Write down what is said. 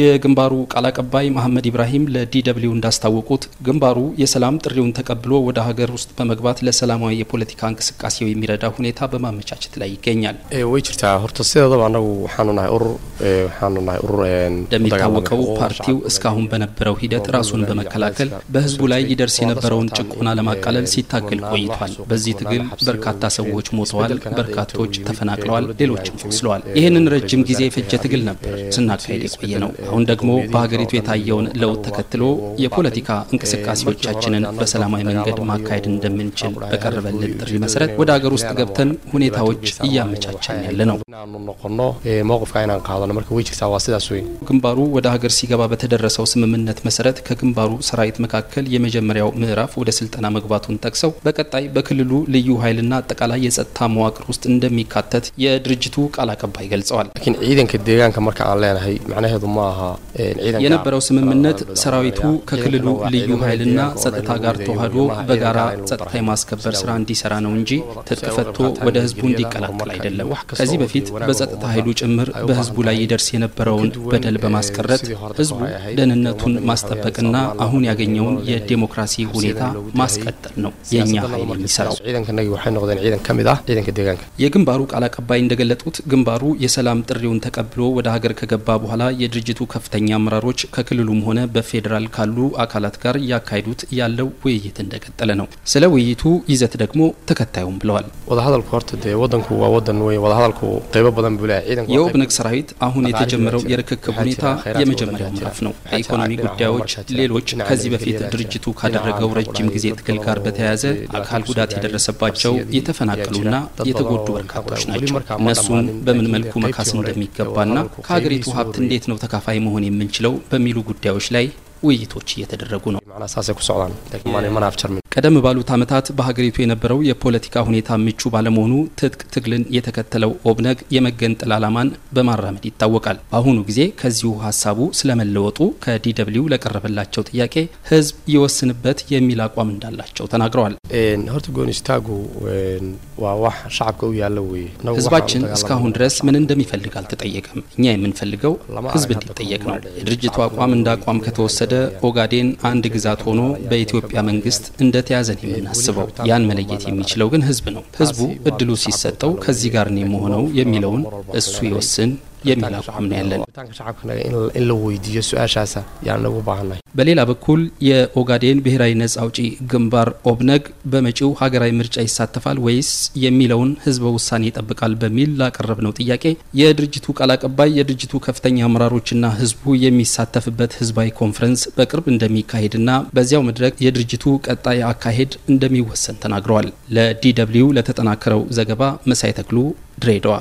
የግንባሩ ቃል አቀባይ መሐመድ ኢብራሂም ለዲደብሊው እንዳስታወቁት ግንባሩ የሰላም ጥሪውን ተቀብሎ ወደ ሀገር ውስጥ በመግባት ለሰላማዊ የፖለቲካ እንቅስቃሴው የሚረዳ ሁኔታ በማመቻቸት ላይ ይገኛል። እንደሚታወቀው ፓርቲው እስካሁን በነበረው ሂደት ራሱን በመከላከል በህዝቡ ላይ ይደርስ የነበረውን ጭቆና ለማቃለል ሲታገል ቆይቷል። በዚህ ትግል በርካታ ሰዎች ሞተዋል፣ በርካቶች ተፈናቅለዋል፣ ሌሎችም ቆስለዋል። ይህንን ረጅም ጊዜ የፈጀ ትግል ነበር ስናካሄድ የቆየ ነው። አሁን ደግሞ በሀገሪቱ የታየውን ለውጥ ተከትሎ የፖለቲካ እንቅስቃሴዎቻችንን በሰላማዊ መንገድ ማካሄድ እንደምንችል በቀረበልን ጥሪ መሰረት ወደ ሀገር ውስጥ ገብተን ሁኔታዎች እያመቻቸን ያለ ነው። ግንባሩ ወደ ሀገር ሲገባ በተደረሰው ስምምነት መሰረት ከግንባሩ ሰራዊት መካከል የመጀመሪያው ምዕራፍ ወደ ስልጠና መግባቱን ጠቅሰው በቀጣይ በክልሉ ልዩ ኃይልና አጠቃላይ የጸጥታ መዋቅር ውስጥ እንደሚካተት የድርጅቱ ቃል አቀባይ ገልጸዋል። የነበረው ስምምነት ሰራዊቱ ከክልሉ ልዩ ኃይልና ጸጥታ ጋር ተዋህዶ በጋራ ጸጥታ የማስከበር ስራ እንዲሰራ ነው እንጂ ትጥቅ ፈቶ ወደ ህዝቡ እንዲቀላቀል አይደለም። ከዚህ በፊት በጸጥታ ኃይሉ ጭምር በህዝቡ ላይ ይደርስ የነበረውን በደል በማስቀረት ህዝቡ ደህንነቱን ማስጠበቅና አሁን ያገኘውን የዴሞክራሲ ሁኔታ ማስቀጠል ነው የእኛ ኃይል የሚሰራው። የግንባሩ ቃል አቀባይ እንደገለጡት ግንባሩ የሰላም ጥሪውን ተቀብሎ ወደ ሀገር ከገባ በኋላ የድርጅቱ ከፍተኛ አመራሮች ከክልሉም ሆነ በፌዴራል ካሉ አካላት ጋር እያካሄዱት ያለው ውይይት እንደቀጠለ ነው። ስለ ውይይቱ ይዘት ደግሞ ተከታዩም ብለዋል። የኦብነግ ሰራዊት አሁን የተጀመረው የርክክብ ሁኔታ የመጀመሪያው ምዕራፍ ነው። በኢኮኖሚ ጉዳዮች፣ ሌሎች ከዚህ በፊት ድርጅቱ ካደረገው ረጅም ጊዜ ትግል ጋር በተያያዘ አካል ጉዳት የደረሰባቸው የተፈናቀሉና የተጎዱ በርካቶች ናቸው። እነሱን በምን መልኩ መካስ እንደሚገባና ከሀገሪቱ ሀብት እንዴት ነው ተካፋይ ተሳታፊ መሆን የምንችለው በሚሉ ጉዳዮች ላይ ውይይቶች እየተደረጉ ነው። ቀደም ባሉት ዓመታት በሀገሪቱ የነበረው የፖለቲካ ሁኔታ ምቹ ባለመሆኑ ትጥቅ ትግልን የተከተለው ኦብነግ የመገንጠል ዓላማን በማራመድ ይታወቃል። በአሁኑ ጊዜ ከዚሁ ሀሳቡ ስለመለወጡ ከዲደብሊው ለቀረበላቸው ጥያቄ ህዝብ ይወስንበት የሚል አቋም እንዳላቸው ተናግረዋል። ህዝባችን እስካሁን ድረስ ምን እንደሚፈልግ አልተጠየቀም። እኛ የምንፈልገው ህዝብ እንዲጠየቅ ነው። የድርጅቱ አቋም እንደ አቋም ከተወሰደ ኦጋዴን አንድ ጊዜ ግዛት ሆኖ በኢትዮጵያ መንግስት እንደተያዘን የምናስበው ያን መለየት የሚችለው ግን ህዝብ ነው። ህዝቡ እድሉ ሲሰጠው ከዚህ ጋር ነው የምሆነው የሚለውን እሱ ይወስን በሌላ በኩል የኦጋዴን ብሔራዊ ነጻ አውጪ ግንባር ኦብነግ በመጪው ሀገራዊ ምርጫ ይሳተፋል ወይስ የሚለውን ህዝበ ውሳኔ ይጠብቃል በሚል ነው ጥያቄ የድርጅቱ ቃል አቀባይ የድርጅቱ ከፍተኛ አመራሮችና ህዝቡ የሚሳተፍበት ህዝባዊ ኮንፈረንስ በቅርብ እንደሚካሄድና በዚያው መድረክ የድርጅቱ ቀጣይ አካሄድ እንደሚወሰን ተናግረዋል። ለዲ ደብልዩ ለተጠናከረው ዘገባ መሳይ ተክሉ ድሬዳዋ